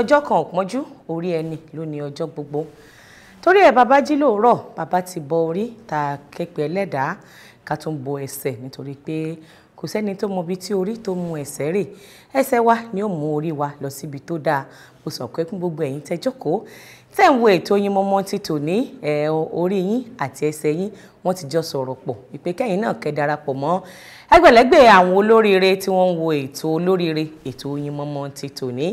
ọjọ́ kan ò pọ́njú orí ẹni ló ní ọjọ́ gbogbo torí ẹ̀ bàbá jí lóòrọ̀ bàbá ti bọ orí ta képe ẹlẹ́dàá ká tún bo ẹsẹ̀ nítorí pé kò sẹ́ni tó mọ ibi tí orí tó mú ẹsẹ̀ rè ẹsẹ̀ wa ni ó mú orí wa lọ síbi tó dáa mo sọ pé kún gbogbo ẹ̀yin tẹ́ jókòó tẹ́ ń wo ètò yín mọ́mọ́ ti tò ní orí yín àti ẹsẹ̀ yín wọ́n ti jọ sọ̀rọ̀ pọ̀ ìpè kẹ́yìn náà kẹ́ darapọ̀ mọ́ ẹgbẹ̀lẹ́gbẹ̀ àwọn olóríire tí wọ́n ń wo ètò olóríire ètò yín mọ́mọ́ ti tò ní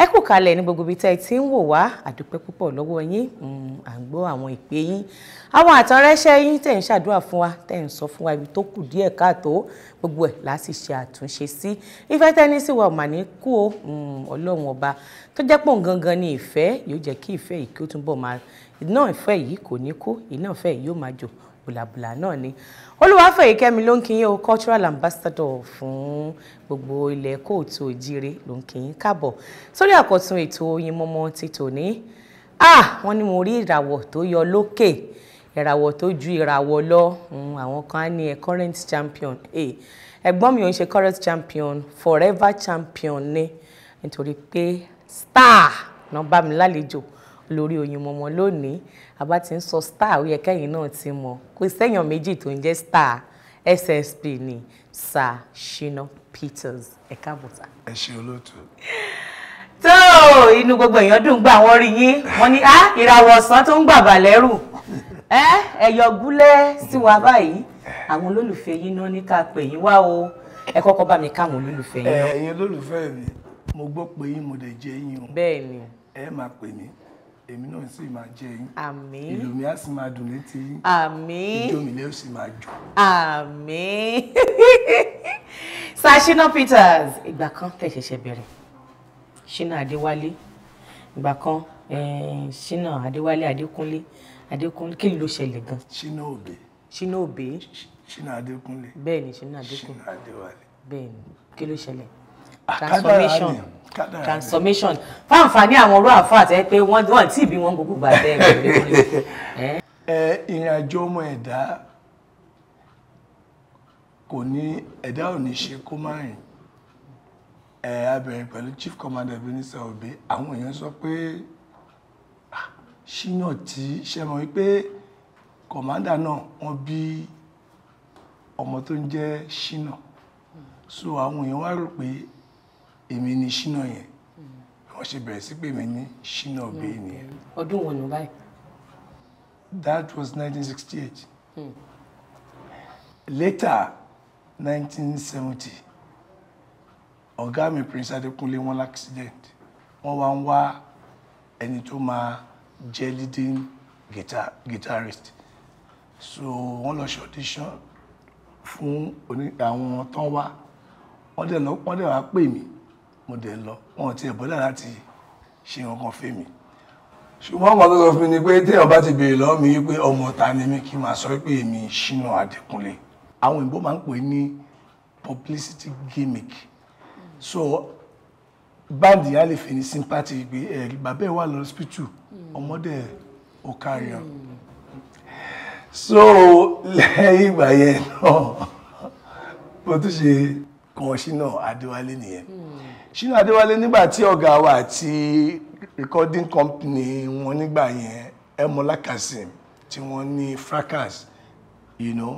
ẹ kú kalẹ̀ ní gbogbo ibi tẹ́ ẹ ti ń wò wá àdúpẹ́ púpọ̀ lọ́wọ́ yín mm, à ń gbọ́ àwọn ìpè yín àwọn àtọ̀rẹ́ṣẹ́ yín tẹ̀ ń ṣàdúrà fún wa tẹ̀ ń sọ fún wa ibi tó kù díẹ̀ káàtó gbogbo ẹ̀ láti ṣe àtúnṣe sí ìfẹ́ tẹ́ni sí wa mà ní kú o mm, ọlọ́run ọba tó jẹ́ pọ̀ gangan ni ìfẹ́ yóò jẹ́ kí ìfẹ́ yìí kí ó túnbọ̀ máa iná ìfẹ́ yìí kò ní kú iná ìfẹ́ yìí yóò máa jò bùlàbùlà náà ni olúwàfẹ̀yìkẹ́mi ló ń kí yín o cultural ambassador fún gbogbo ilẹ̀ kóòtù òjire ló ń kí yín káàbọ̀ sórí àkọ́tún ètò Oyin Mọ́mọ́ ti tòní ah wọ́n ní mo rí ìràwọ̀ tó yọ lókè ìràwọ̀ tó ju ìràwọ̀ lọ hmm, àwọn kan á ní ẹ current champion eh, ẹ̀gbọ́n mi ò ń ṣe current champion forever champion ni nítorí pé star náà bá mi lálejò. No, lórí oyin mọmọ lónìí àbá ti ń sọ star ó yẹ kẹ́yìn náà ti mọ̀ kò sẹ́yàn méjì tó ń jẹ́ star ssp ni sir shina peters ẹ káàbọ̀ sà. ẹ ṣe olóòtú. tó inú gbogbo èèyàn dùn gbà wọ́n rí yín wọ́n ní á ìràwọ̀ ọ̀sán tó ń gbàbà lẹ́rù ẹ̀yọ̀ gúlẹ̀ sí wa báyìí àwọn olólùfẹ́ yín náà ní ká pè yín wá o ẹ kọ́kọ́ bá mi káwọn olólùfẹ́ yín. ẹ̀yin olólùfẹ́ mi mo gbọ́ pé yín mo dẹ̀ jẹ́ yín o. bẹ́ẹ̀ ni. ẹ máa pè mí èmi náà sì máa jẹ yín. àmín ìlú mi á sì máa dùn létí yín. mi lè sì máa jò. àmín Shina Peters ìgbà kan tẹ́ ṣẹ̀ṣẹ̀ bẹ̀rẹ̀ Shina Adéwálé ìgbà kan eh, Shina Adéwálé Adékúnlé Adékúnlé kí ló ṣẹlẹ̀ gan. Shina Obe. Shina Obe. Shina Adékúnlé. bẹ́ẹ̀ni Shina Adékúnlé. Shina Adéwálé. bẹ́ẹ̀ni kí ló ṣẹlẹ̀ transformation transformation Fanfani àwọn ọ̀rọ̀ àfáà tẹ́ pé wọ́n wọ́n tí ìbí wọn gbogbo gbà tẹ́ ẹ ìrìn àjò ọmọ ẹ̀dá kò ní ẹ̀dá ò ní ṣe kó má rìn ẹ̀ abẹ̀rẹ̀ pẹ̀lú chief commander minister obe àwọn èèyàn sọ pé ah, ṣíyàn tí ṣe mọ̀ wípé commander náà wọ́n bí ọmọ tó ń jẹ́ ṣínà so àwọn èèyàn wá rò pé èmi ni ṣínà yẹn wọ́n ṣe bẹ̀rẹ̀ sí pé mi ní ṣínà ọ̀bẹ hmm. nìyẹn. ọdún wo ni báyìí. that was 1968. Hmm. later 1970 ọ̀gá mi prince adékúnlé wọn l'accident wọ́n wá ń wá ẹni tó máa jẹ́ leading guitar guitarist so wọ́n lọ ṣe audition fún àwọn tó ń wá wọ́n dẹ̀ wá pè mí mo dẹ̀ lọ wọn ti ẹ̀ bọ́dà láti ṣe nǹkan fèmí. ṣùgbọ́n ọmọ tó sọ fún mi ni pé téèyàn bá ti béèrè lọ́wọ́ mi wípé ọmọ ta ni mi kí n máa sọ pé èmi Ṣínà Adékúnlé àwọn òyìnbó máa ń pè ní publicity gimmick so báńdì yẹn á lè fẹ́ ní sympathy gbé ẹ̀rí bàbá ẹ̀ wà lọ hospital ọmọdé ò kárí ọ so lẹ́yìn ìgbà yẹn náà mo tún ṣe kan Ṣínà Adéwálé nìyẹn Ṣínà hmm. Adéwálé nígbà tí ọ̀gá wa àti recording company wọn nígbà yẹn Ẹmọlá Kazeem tí wọ́n ní fracas you know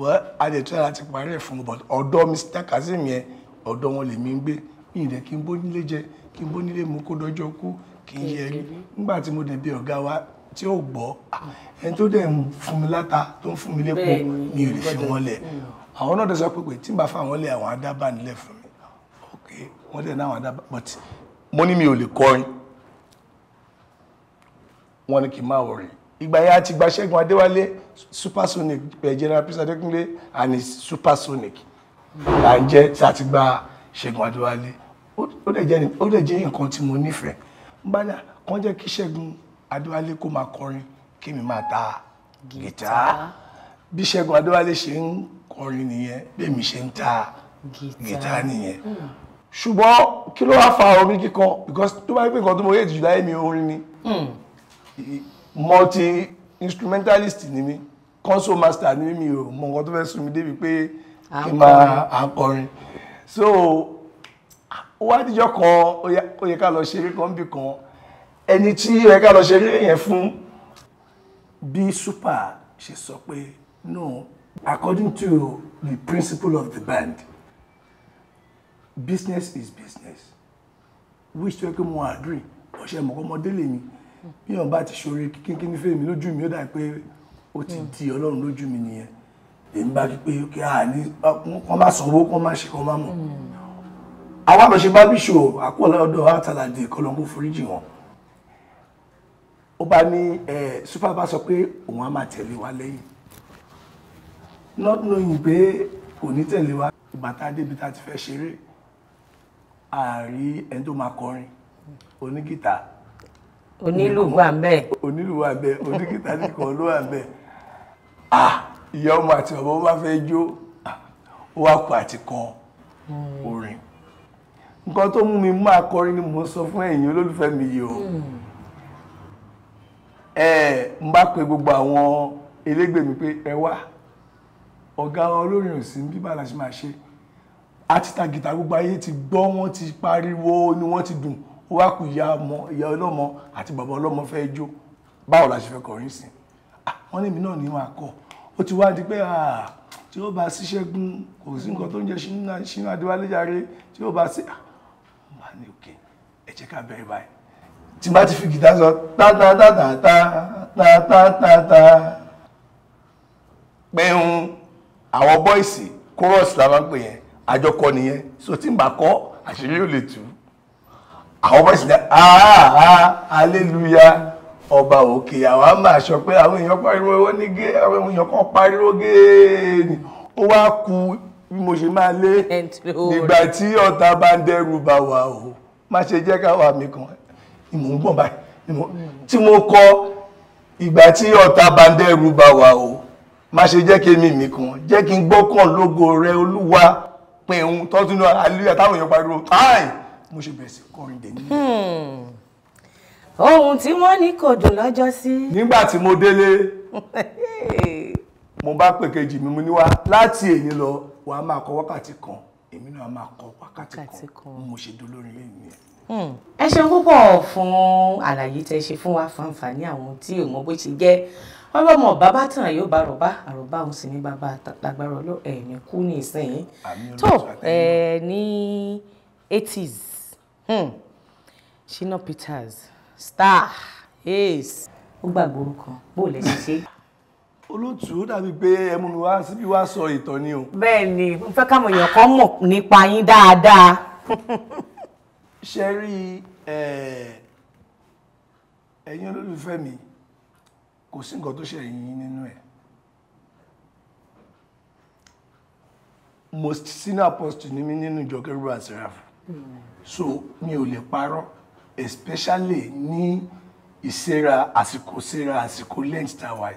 well adetun láti parí ẹ̀ fún mi but ọ̀dọ̀ Mr Kazeem yẹn ọ̀dọ̀ wọn lèmi ń gbé mi ìdẹ kí n bó nílé jẹ kí n bó nílé mu kó dọjọ́ kú kí n yẹ rí nígbà tí mo dẹ̀ bí wa tí ó gbọ́ ẹni tó dẹ̀ ń fún mi láta tó ń fún mi lépo mi ò lè fi wọ́n lẹ̀ àwọn náà dẹ̀ sọ pé pé tí n bá fáwọn lẹ̀ àwọn adábà nílẹ̀ fún mi ok wọ́n dẹ̀ náwọn adábà but mo ní mi ò lè kọrin wọ́n ní kí n máa wọ̀rì ìgbà yẹn àti ìgbà Ṣẹ́gun Adéwálé supersonic eh, general peace Adékúnlé and his supersonic là ń jẹ́ tí a ti gba Ṣẹ́gun Adéwálé ó dẹ̀ jẹ́ nǹkan tí mo nífẹ̀ẹ́ bá kàn jẹ́ kí Ṣẹ́gun adéwálé kó máa kọrin kémi máa ta gìtá bí ṣẹ́gun adéwálé ṣe ń kọrin nìyẹn bẹ́ẹ̀mi ṣe ń ta gìtá nìyẹn hmm. ṣùgbọ́n kí ló wá fa orin kíkọ because tó bá yẹ pé nǹkan tó mọ yé jù láyé mi orin ni hmm. multi instrumentalist ni mi console master ni mi ò mọ nǹkan tó fẹ́ sún mi débi pé kí n máa akọrin so ó wá díjọ́ kan ó yẹ ká lọ ṣeré kan bì kan ẹni tí ẹ ká lọ ṣe eré yẹn fún. bí super ṣe sọ pé no according to the principle of the band business is business which tó yẹ kí mo agree ọ̀ṣẹ́ mọ̀kọ́mọdé lèmi bí wọn bá ti ṣoore kínkín ní fèmí lójú mi ó dà pé ó ti hmm. di ọlọ́run lójú mi nìyẹn èmi bá pé kí a ní kán má sanwó kán má ṣe kán má mọ̀ hmm. àwa lọ ṣe bá bíṣọ àpò ọ̀dọ̀ àtàlàdé kọlọ́ńkó foríjì wọn ó bá ní super bá sọ pé òun á máa tẹ̀lé wa lẹ́yìn not knowing pé kò ní tẹ̀lé wa ìgbà tá a débi tá a ti fẹ́ ṣeré àárí ẹni tó máa kọrin onígìtà onílù wà bẹ́ẹ̀ onígìtà nìkan ló wà bẹ́ẹ̀ ah ìyá ọmọ àti ọmọ bá fẹ́ jó ah, ó wá kọ àti kọ hmm. orin nǹkan tó mú mi máa kọrin ni mo sọ fún ẹ̀yin olólùfẹ́ mi yìí o. Hmm n bá pe gbogbo àwọn elégbè mi pé ẹ wá ọ̀gá olórin òsì bí bá ṣe máa ṣe àti ta gìtà gbogbo ayé ti gbọ́ wọ́n ti pariwo ni wọ́n ti dùn ó wá kù ìyá ọmọ ìyá ọlọ́mọ àti bàbá ọlọ́mọ fẹ́ jó báwo la ṣe fẹ́ kọrin sí wọ́n lèmi náà ní máa kọ́ ó ti wá di pé tí ó bá sí ṣẹ́gun kò sí nǹkan tó ń jẹ́ Ṣínú Adéwálé jàre tí ó bá sí bá ní òkè ẹ ká bẹ̀rẹ̀ báyìí tí bá ti fi gìtá sọ tátátátátá tátátátá pẹ̀hún àwọn bọ́ìsì chorus la máa ń pè yẹn àjọkọ nìyẹn so tí n bá kọ́ àṣírí ò lè tú àwọn bọ́ìsì ní àhà ah, aleluya ah, ọba òkè àwọn á máa sọ pé àwọn èèyàn pariwo wọ́n ní gé àwọn èèyàn kan pariwo géèni ó wá ku bí mo ṣe máa lé nígbà tí ọ̀tá bá ń dẹ́rù bà wá o má ṣe jẹ́ ká wà kan ni mò ń gbọ̀n báyìí tí mo kọ ìgbà tí ọ̀tá bandẹ́rù bá wà o má ṣe jẹ́ kí èmi mi kan jẹ́ kí n gbọ́kàn lógo rẹ olúwa pin ohun tọ́tún náà àlúyà táwọn èèyàn pariwo táì mo ṣe bẹ̀rẹ̀ sí kọrin dè ní. Hmm. ohun tí wọ́n ní kò dùn lọ́jọ́ sí. nígbà tí mo délé mo bá pè kejì mi mo ní wá láti èyí lọ wàá máa kọ wákàtí kan èmi náà máa kọ wákàtí kan mo ṣe dolórin lẹ́yìn yẹn ẹ ṣeun púpọ̀ fún àlàyé tẹ ṣe fún wa fàǹfààní àwọn tí ò mọ bó ṣe jẹ́ ọba ọmọ bàbá tàn yóò bá rọ̀bá àròbá òun sì ní bàbá lágbára ọlọ́ ẹ̀mí kú ní ìsìn tó ní eighties hmm. Shina Peters star ace ó gbàgbé orúkọ bó lè ṣe ṣe. olótú ó dàbí pé ẹmu mi wá síbí wá sọ ìtàn ni o. bẹ́ẹ̀ mo fẹ́ káwọn èèyàn kan mọ̀ nípa yín dáadáa. ṣe rí ẹ̀yin olólùfẹ́ mi kò sí nǹkan tó ṣe yín nínú ẹ̀ most senior apostle ni mí nínú ìjọ Kérúbù and so mi ò lè parọ́ especially ní ìsẹ́ra àsìkò sẹ́ra àsìkò lẹ́ǹtì tàwa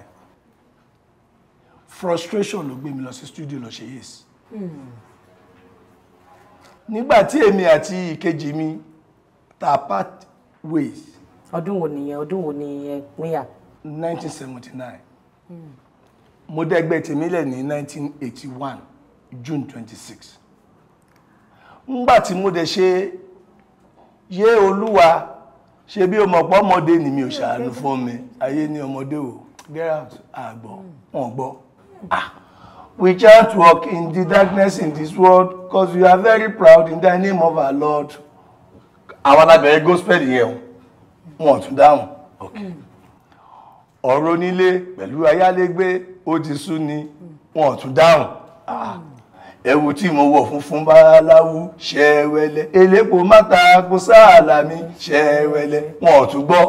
frustration ló gbé mi lọ sí studio lọ ṣe yéèsì. Mm nígbàtí èmi àti ìkejì mi ta part ways. ọdún wo nìyẹn ọdún wo ni ẹ pínyà. 1979 mo dẹ́gbẹ́ tèmílẹ̀ ní 1981 June 26 ngbà tí mo dẹ̀ ṣe yé olúwa ṣe bí o ọmọdé ni mi ò ṣàánú fún mi ayé ní ọmọdé o get out àgbọ̀ wọn gbọ́ ah We can't walk in the darkness in this world because we are very proud in the name of our Lord. Àwọn alábẹ̀rẹ̀ gospel yẹn wọn tún dáhùn. Hmm. Ọ̀rọ̀ onílé pẹ̀lú ayálégbé ó ti sú ni wọn tún dáhùn. Ẹ̀wù hmm. tí mo wọ̀ funfun báláwú ṣẹ́wẹ́lẹ́. Elépo máta kó sáàlà mi ṣẹ́wẹ́lẹ́ wọn tún gbọ́.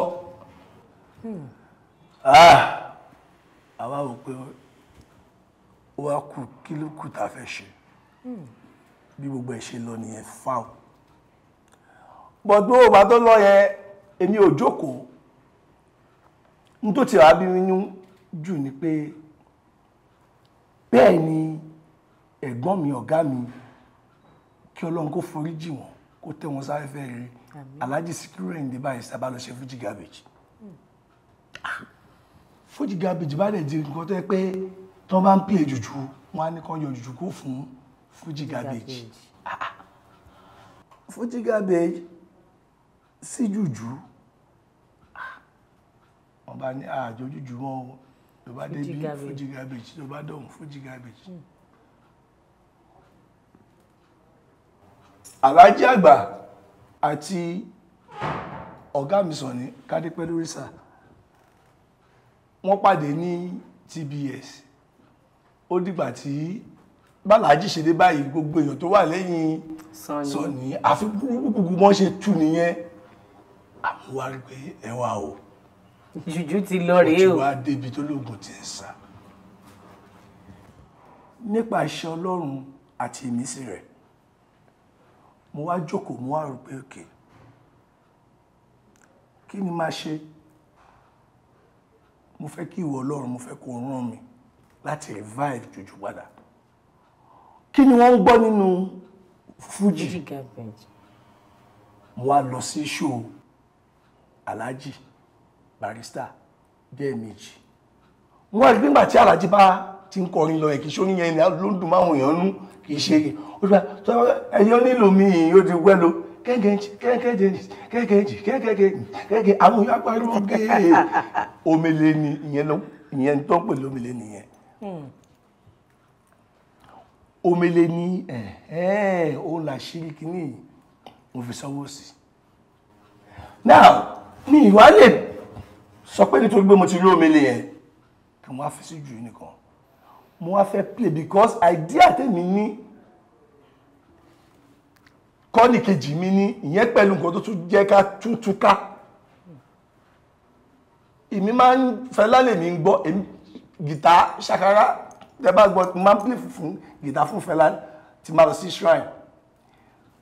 Hmm. Àwa ò pé ó wá kù kí ló kù tá a fẹ́ ṣe hmm. bí gbogbo ẹ̀ ṣe lọ nìyẹn fáwọn bọ̀dún òbá tó lọ yẹn èmi ò jókòó n tó ti wá bí nínú jù ni pé bẹ́ẹ̀ ni ẹ̀gbọ́n mi ọ̀gá mi kí ọlọ́run kó forí jì wọ́n kó tẹ́ wọn sáré fẹ́ rí Alhaji Sikiru Ayinde báyìí sábà lọ ṣe Fuji Garbage hmm. ah! Fuji Garbage bá dẹ̀ di nǹkan tó yẹ pé tó bá ń pè jùjú wọn á ní kán yọ jùjú kó fún Fuji Garbage ah, ah. Fuji Garbage sí jùjú ah, wọn bá ní àjọ jùjú wọn o ló bá débi Fuji Garbage ló bá dọ̀hún Fuji Garbage. Hmm. alájí àgbà àti ọ̀gá mi sọ ní kádépẹ́ lórí sà wọ́n pàdé ní TBS ó dìgbà tí bálàájì ṣe dé báyìí gbogbo èèyàn tó wà lẹ́yìn Sunny àfi gbogbo wọn ṣe tú nìyẹn àmúwárí pé ẹwà o jùjú ti lọ rèé o ó ti wá débi tó lóògùn ti ń sá nípa iṣẹ́ ọlọ́run àti ìmísí rẹ̀ mo wá jókòó mo wá rò pé òkè kí ni máa ṣe mo fẹ́ kí ìwọ ọlọ́run mo fẹ́ kó rán mi. Okay láti revive jùjú padà kí ni wọ́n ń gbọ́ nínú fújì mo wá lọ sí show alhaji barista bẹ́ẹ̀ méjì mo wá rí nígbà tí alhaji bá ti ń kọrin lọ ẹ̀kí sóní yẹn ló ń dùn máa wòyàn nú kì í ṣe ẹ̀yọ́ nílò mi ó ti wẹ́ lo kẹ́kẹ́jì kẹ́kẹ́jì kẹ́kẹ́jì kẹ́kẹ́jì kẹ́kẹ́ àwọn ìyá omele ni ìyẹn tó pè lómele nìyẹn Hmm. omele ní ẹ̀ẹ́ òun làṣírí kìíní mo fi sanwó sí now ní ìwà lè sọ pé nítorí pé mo ti rí omele yẹn kí wọ́n á fi sí jù nìkan mo wá fẹ́ play because idea tèmi ní kọ́ni kejì mi ní ìyẹn pẹ̀lú nǹkan tó tún jẹ́ ká tútúká èmi máa ń fẹ́ lálẹ́ mi ń gbọ́ èmi gìtá ṣàkárá tẹ́ bá gbọ́ máa ń play fún gìtá fún fẹlá ti máa lọ sí shrine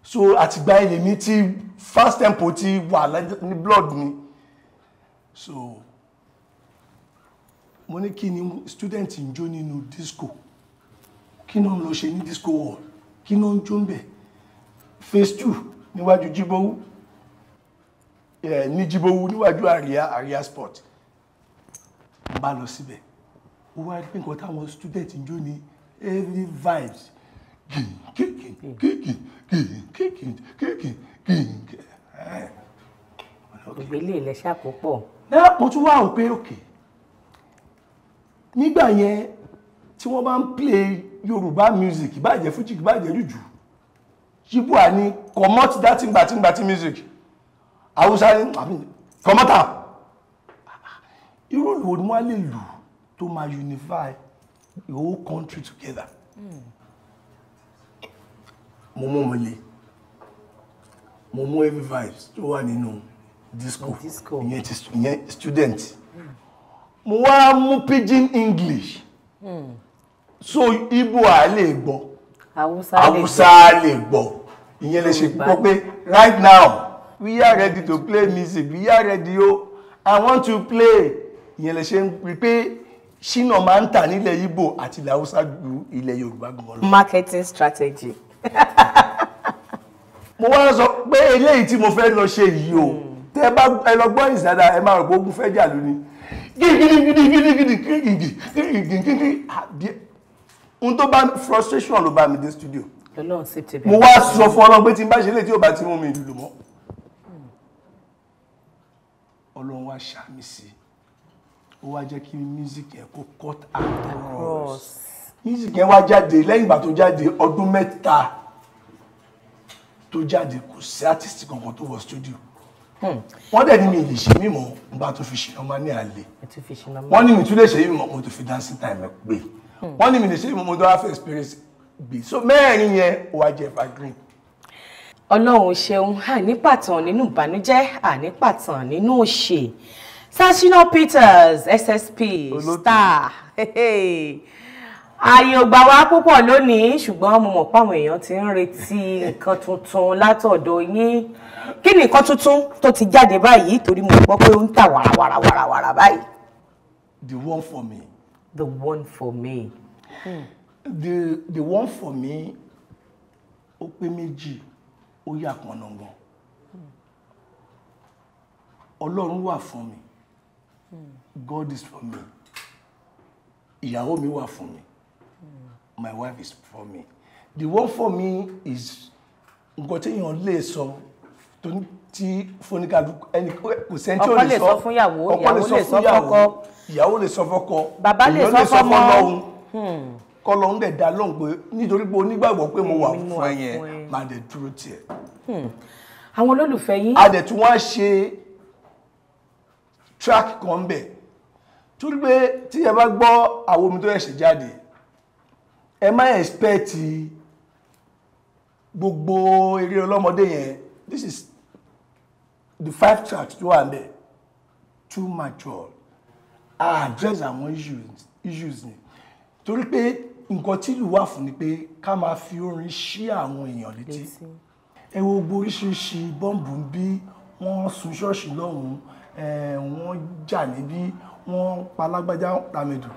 so àtìgbà ilé mi ti fast tempo ti wà ní blood mi so mo ní kí ni student ń jó nínú disco kí náà lọ ṣe ní disco hall kí náà ń jó ń bẹ̀ phase two níwájú jíbówú ní jíbówú níwájú àríyá àríyá sport n bá lọ síbẹ̀. Si ó wá rí pé student táwọn student ń jó ni heavy vibes kìnkìnkìn kìnkìn kìnkìn kìnkìn kìnkìn. gbogbo ilé ilẹ̀ ṣàkópọ̀. náà mo tún wá òpé òkè nígbà yẹn tí wọ́n bá ń play yorùbá music ìbàjẹ́ fújì ìbàjẹ́ jùjú yíbùà ni comot that ngbàtíngbàtí music haúsá ni comot am irú olùwò ni wọ́n á lè lù ú. To máa unify the whole country together. mo mú ọmọ ilé mo mú heavy vibes tó wà nínú disco ìyẹn ti ìyẹn student mo wá mú pidgin english hmm. so Ibo a lè gbọ́ Hausa lè gbọ́ ìyẹn lè ṣe gbọ́ pé right now we are ready to play music we are ready o oh. i want to play ìyẹn lè ṣe ń pè pé ṣínà máa ń tà nílẹ̀ Ìgbò àti ilẹ̀ Haúsá ju ilẹ̀ Yorùbá gan lọ. marketing strategy. mo wá sọ pé eléyìí tí mo fẹ́ lọ ṣe yìí o hmm. tẹ bá ẹ lọ gbọ́ ìsàdá ẹ máa rò pé ogun fẹ́ jà lónìí ah, n tó bá frustration ló bá mi dé studio mo wá sọ fún ọlọ́run pé tí n bá ṣe lè tí ò bá ti mú mi lùlù mọ́ hmm. ọlọ́run wá ṣàmì sí i ó wá jẹ́ kí music yẹn kó cut across music yẹn wá jáde lẹ́yìn ìgbà tó jáde ọdún mẹ́ta tó jáde kò sí artist kankan tó wọ studio hmm. wọ́n dẹ̀ ní mi lè ṣe mímọ́ nígbà tó fi ṣìnà máa ní àlè wọ́n ní mi tún lè ṣe mímọ́ mo tó fi dancing time pé hmm. wọ́n ní mi lè ṣe mímọ́ mo tó wá fẹ́ experience gbé so mẹ́rin yẹn ó wá jẹ́ evergreen. ọlọ́run ṣeun àìnípàtàn nínú ìbànújẹ́ àìnípàtàn nínú òṣè Sashina Peters SSP star ààyè ò gbà wá púpọ̀ lónìí ṣùgbọ́n mo mọ̀ páwọn èèyàn ti ń retí nǹkan tuntun látọ̀dọ̀ yín kí ni nǹkan tuntun tó ti jáde báyìí torí mo gbọ́ pé ó ń tà wàràwàrà wàràwàrà báyìí. the one for me. the one for me. Hmm. the the one for me ó pé méjì ó yà kan nàngàn hmm. ọlọ́run wà fún mi God is for me ìyàwó mi wà fún mi my wife is for me the word for me is nǹkan téèyàn lè sọ tí fóníkàdù ẹni kò sẹ́ńtì ò lè sọ ọkọ lè sọ fún ìyàwó ìyàwó lè sọ fọ́kọ ìyàwó lè sọ fọ́kọ bàbá lè sọ fọ́mọ kọlọ ń dẹ̀ dá lóhùn pé nítorí pé onígbàgbọ́ pé mo wà fún ẹ yẹn máa dẹ̀ dúró tiẹ̀. Hmm. àwọn olólùfẹ́ yín. a dẹ̀ tún wá ṣe track kan bẹ̀ torí pé tí ẹ bá gbọ́ àwọn omi tó ẹ̀ṣẹ̀ jáde ẹ má expect gbogbo eré ọlọ́mọdé yẹn this is the five tracks tó wà ń too mature I address àwọn issues issues ni torí pé nǹkan tí ìlú wà fún ni pé ká máa fi orin ṣí àwọn èèyàn létí ẹ wo gbogbo oríṣiríṣi bọ́ǹbù ń bí sun ṣọ́ọ̀ṣì lọ́hùn Eh, wọ́n jà níbí wọ́n pa lágbájá ràmẹ̀dù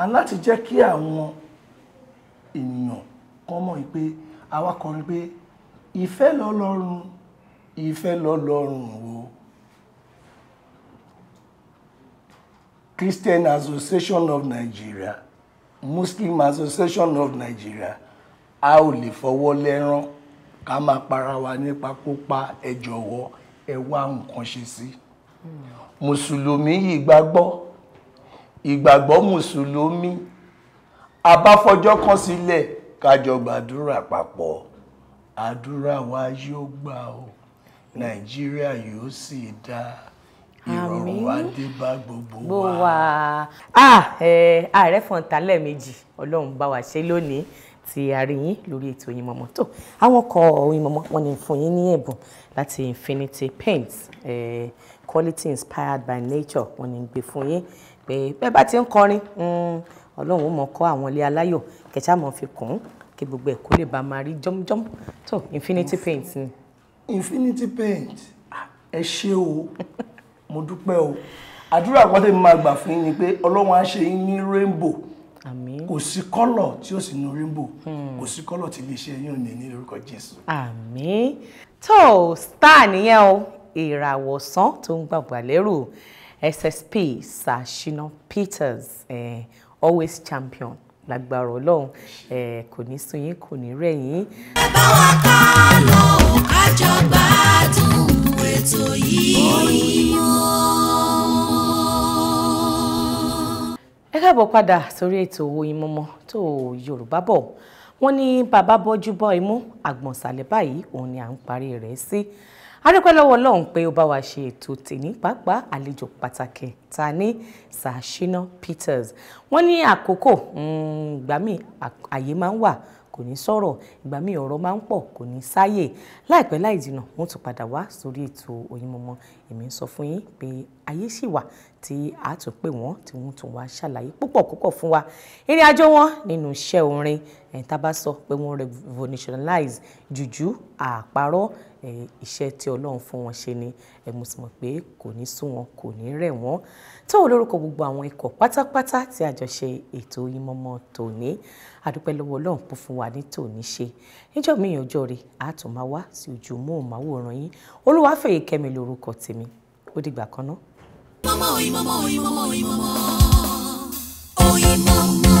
aláti jẹ́ kí àwọn ènìyàn kọ́ mọ̀ pé àwa kọrin pé ìfẹ́ lọ́lọ́run ìfẹ́ lọ́lọ́run o. Christian Association of Nigeria Muslim Association of Nigeria a ò lè fọwọ́ lẹ́rán ká máa para wa nípa kópa ẹ jọ̀wọ́ ẹ wá nǹkan ṣe sí i mùsùlùmí ìgbàgbọ́ ìgbàgbọ́ mùsùlùmí abáfọjọ́ kan sílẹ̀ kájọ gbàdúrà papọ̀ àdúrà wa yóò gbà o nàìjíríà yóò sì dáa ìrọ̀rùn wa dé bá gbogbo wa. ààrẹ fọ̀ǹtà lẹ́ẹ̀mejì ọlọ́run bá wa ṣe lónìí ti àríyìn lórí ètò Oyin Mọ̀mọ́ tó àwọn ọkọ̀ Oyin Mọ̀mọ́ wọn ni fún yín ní ẹ̀bùn láti Infinity Paints. Eh, quality inspired by nature wọn ni ń gbé fún yín pé bẹ́ẹ̀ bá ti ń kọrin hmm, ọlọ́run ó mọ̀ kọ́ àwọn ilé aláyọ̀ kẹ̀chá mọ̀ fi kùn kí gbogbo ẹ̀ kó lè bá máa rí jọ́mjọ́m tó infinity paint ni. infinity paint ẹ ṣé o mo dúpẹ́ o àdúrà àkọ́tẹ́ mi máa gbà fún yín ni pé ọlọ́run á ṣe yín ní rainbow àmín kò sí kọ́lọ̀ tí ó sì nu rainbow hmm. kò sí kọ́lọ̀ tí iléeṣẹ́ yín ò ní ní orúkọ jésù. àmín tó star nìyẹn o ìràwọ̀ ọ̀sán tó ń gbàgbà lérò ssp sashina peters eh, always champion lágbára ọlọ́run eh, kò ní sún yín kò ní rẹ̀ yín. ẹ bá wa ká lọ ká jọ gbádùn ètò yìí. ẹ káàbọ̀ padà sórí ètò Oyin Mọ́mọ́ tó Yorùbá bọ̀ wọ́n ní bàbá bọ́jú bọ́ imú àgbọ̀nsálẹ̀ báyìí òun ni à ń parí rẹ̀ sí. Si adúpẹ́ lọ́wọ́ ọlọ́run pé ó bá wa ṣe ètò tèmi pàápàá àlejò pàtàkì ta ní Sashina Peters wọ́n ní àkókò hmm, ìgbà míì àyè máa ń wà kò ní sọ̀rọ̀ ìgbà míì ọ̀rọ̀ máa ń pọ̀ kò ní sáyè láìpẹ́ láì jìnà wọ́n tún padà wá sórí ètò Oyinmomo èmi ń sọ fún yín pé ayé ṣì wà tí a tún pè wọ́n tí wọ́n tún wá ṣàlàyé púpọ̀ púpọ̀ fún wa eré ajó wọn nínú iṣẹ́ orin ẹ̀ńtà bá sọ pé wọ́n revolutionize jùjú àpárọ̀ iṣẹ́ tí Ọlọ́run fún wọn ṣe ni mo sì mọ̀ pé kò ní sú wọn kò ní rẹ̀ wọ́n táwọn olórúkọ gbogbo àwọn ikọ̀ pátápátá tí àjọṣe ètò Oyinmọ́mọ́ tòní àdúpẹ́ lọ́wọ́ Ọlọ́run kún fún wa ní tòní ṣe níjọ́ míì ọjọ́ rẹ̀ a máa wá sí ojú móhùnmáwòrán yín Olúwafẹ́yìkẹ́mi lórúkọ tèmi ó dìgbà kan ná. Oyinmọ́mọ́ Oyinmọ́mọ́ Oyinmọ́mọ́ Oyinmọ́mọ́